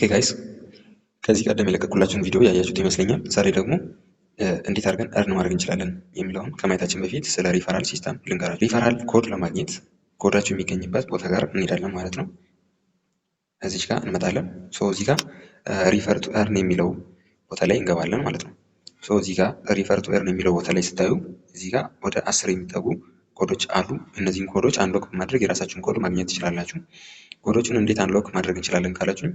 ኦኬ ጋይስ ከዚህ ቀደም የለቀቁላችሁን ቪዲዮ ያያችሁት ይመስለኛል። ዛሬ ደግሞ እንዴት አድርገን እርን ማድረግ እንችላለን የሚለውን ከማየታችን በፊት ስለ ሪፈራል ሲስተም ልንገራችሁ። ሪፈራል ኮድ ለማግኘት ኮዳችሁ የሚገኝበት ቦታ ጋር እንሄዳለን ማለት ነው። እዚች ጋር እንመጣለን። ሶ እዚህ ጋር ሪፈር ቱ እርን የሚለው ቦታ ላይ እንገባለን ማለት ነው። ሶ እዚህ ጋር ሪፈር ቱ እርን የሚለው ቦታ ላይ ስታዩ እዚህ ጋር ወደ አስር የሚጠጉ ኮዶች አሉ። እነዚህን ኮዶች አንሎክ በማድረግ የራሳችሁን ኮድ ማግኘት ትችላላችሁ። ኮዶችን እንዴት አንሎክ ማድረግ እንችላለን ካላችሁኝ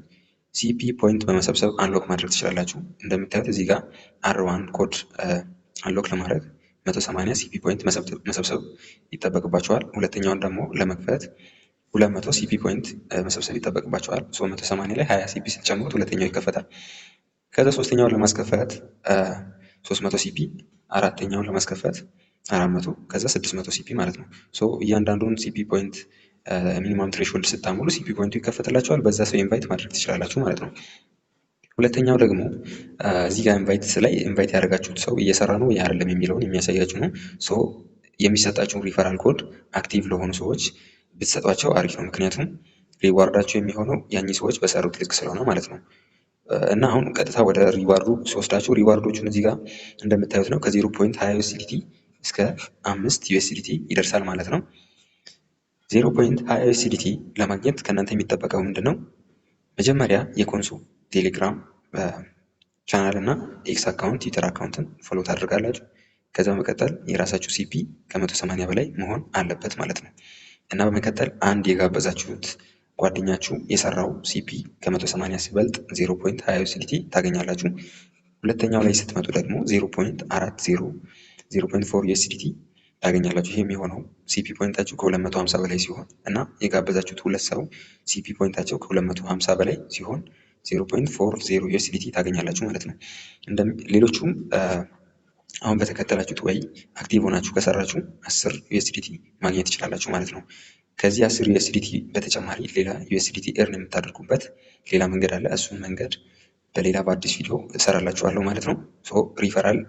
ሲፒ ፖይንት በመሰብሰብ አንሎክ ማድረግ ትችላላችሁ። እንደምታዩት እዚህ ጋር አርዋን ኮድ አንሎክ ለማድረግ 180 ሲፒ ፖይንት መሰብሰብ ይጠበቅባቸዋል። ሁለተኛውን ደግሞ ለመክፈት 200 ሲፒ ፖይንት መሰብሰብ ይጠበቅባቸዋል። 180 ላይ 20 ሲፒ ስትጨምሩት ሁለተኛው ይከፈታል። ከዛ ሶስተኛውን ለማስከፈት 300 uh, ሲፒ፣ አራተኛውን ለማስከፈት 400 ከዛ 600 ሲፒ ማለት ነው። ሶ እያንዳንዱን ሲፒ ፖይንት ሚኒመም ትሬሽሆልድ ስታሟሉ ሲፒ ፖይንቱ ይከፈትላቸዋል። በዛ ሰው ኢንቫይት ማድረግ ትችላላችሁ ማለት ነው። ሁለተኛው ደግሞ እዚህ ጋር ኢንቫይት ላይ ኢንቫይት ያደረጋችሁት ሰው እየሰራ ነው አይደለም የሚለውን የሚያሳያችሁ ነው። ሶ የሚሰጣችሁ ሪፈራል ኮድ አክቲቭ ለሆኑ ሰዎች ብትሰጧቸው አሪፍ ነው። ምክንያቱም ሪዋርዳቸው የሚሆነው ያኝ ሰዎች በሰሩት ልክ ስለሆነ ማለት ነው። እና አሁን ቀጥታ ወደ ሪዋርዱ ሲወስዳችሁ ሪዋርዶቹን እዚህ ጋር እንደምታዩት ነው ከዜሮ ፖይንት ሀያ ዩኤስዲቲ እስከ አምስት ዩኤስዲቲ ይደርሳል ማለት ነው። ዜሮ ፖይንት ሀያ ኤስዲቲ ለማግኘት ከእናንተ የሚጠበቀው ምንድን ነው? መጀመሪያ የኮንሶ ቴሌግራም ቻናል እና ኤክስ አካውንት ትዊተር አካውንትን ፎሎ ታደርጋላችሁ። ከዛ በመቀጠል የራሳችሁ ሲፒ ከመቶ 180 በላይ መሆን አለበት ማለት ነው። እና በመቀጠል አንድ የጋበዛችሁት ጓደኛችሁ የሰራው ሲፒ ከመቶ 180 ሲበልጥ ሀያ ዩሲዲቲ ታገኛላችሁ። ሁለተኛው ላይ ስትመጡ ደግሞ 0.40 ፎር ዩሲዲቲ ታገኛላችሁ። ይሄ የሚሆነው ሲፒ ፖይንታችሁ ከ250 በላይ ሲሆን እና የጋበዛችሁት ሁለት ሰው ሲፒ ፖይንታቸው ከ250 በላይ ሲሆን 0.40 ዩኤስዲቲ ታገኛላችሁ ማለት ነው። ሌሎቹም አሁን በተከተላችሁት ወይ አክቲቭ ሆናችሁ ከሰራችሁ 10 ዩኤስዲቲ ማግኘት ትችላላችሁ ማለት ነው። ከዚህ 10 ዩኤስዲቲ በተጨማሪ ሌላ ዩኤስዲቲ ኤርን የምታደርጉበት ሌላ መንገድ አለ። እሱን መንገድ በሌላ በአዲስ ቪዲዮ እሰራላችኋለሁ ማለት ነው። ሪፈራል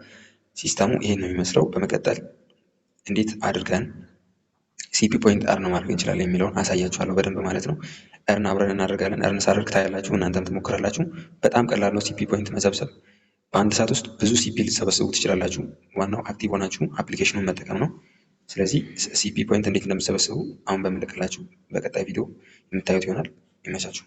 ሲስተሙ ይሄን ነው የሚመስለው። በመቀጠል እንዴት አድርገን ሲፒ ፖይንት አርን ማድረግ እንችላለን የሚለውን አሳያችኋለሁ በደንብ ማለት ነው። እርን አብረን እናደርጋለን። እርን ሳደርግ ታያላችሁ፣ እናንተም ትሞክራላችሁ። በጣም ቀላል ነው ሲፒ ፖይንት መሰብሰብ። በአንድ ሰዓት ውስጥ ብዙ ሲፒ ልትሰበስቡ ትችላላችሁ። ዋናው አክቲቭ ሆናችሁ አፕሊኬሽኑን መጠቀም ነው። ስለዚህ ሲፒ ፖይንት እንዴት እንደምትሰበስቡ አሁን በምልክላችሁ በቀጣይ ቪዲዮ የምታዩት ይሆናል። ይመቻችሁ።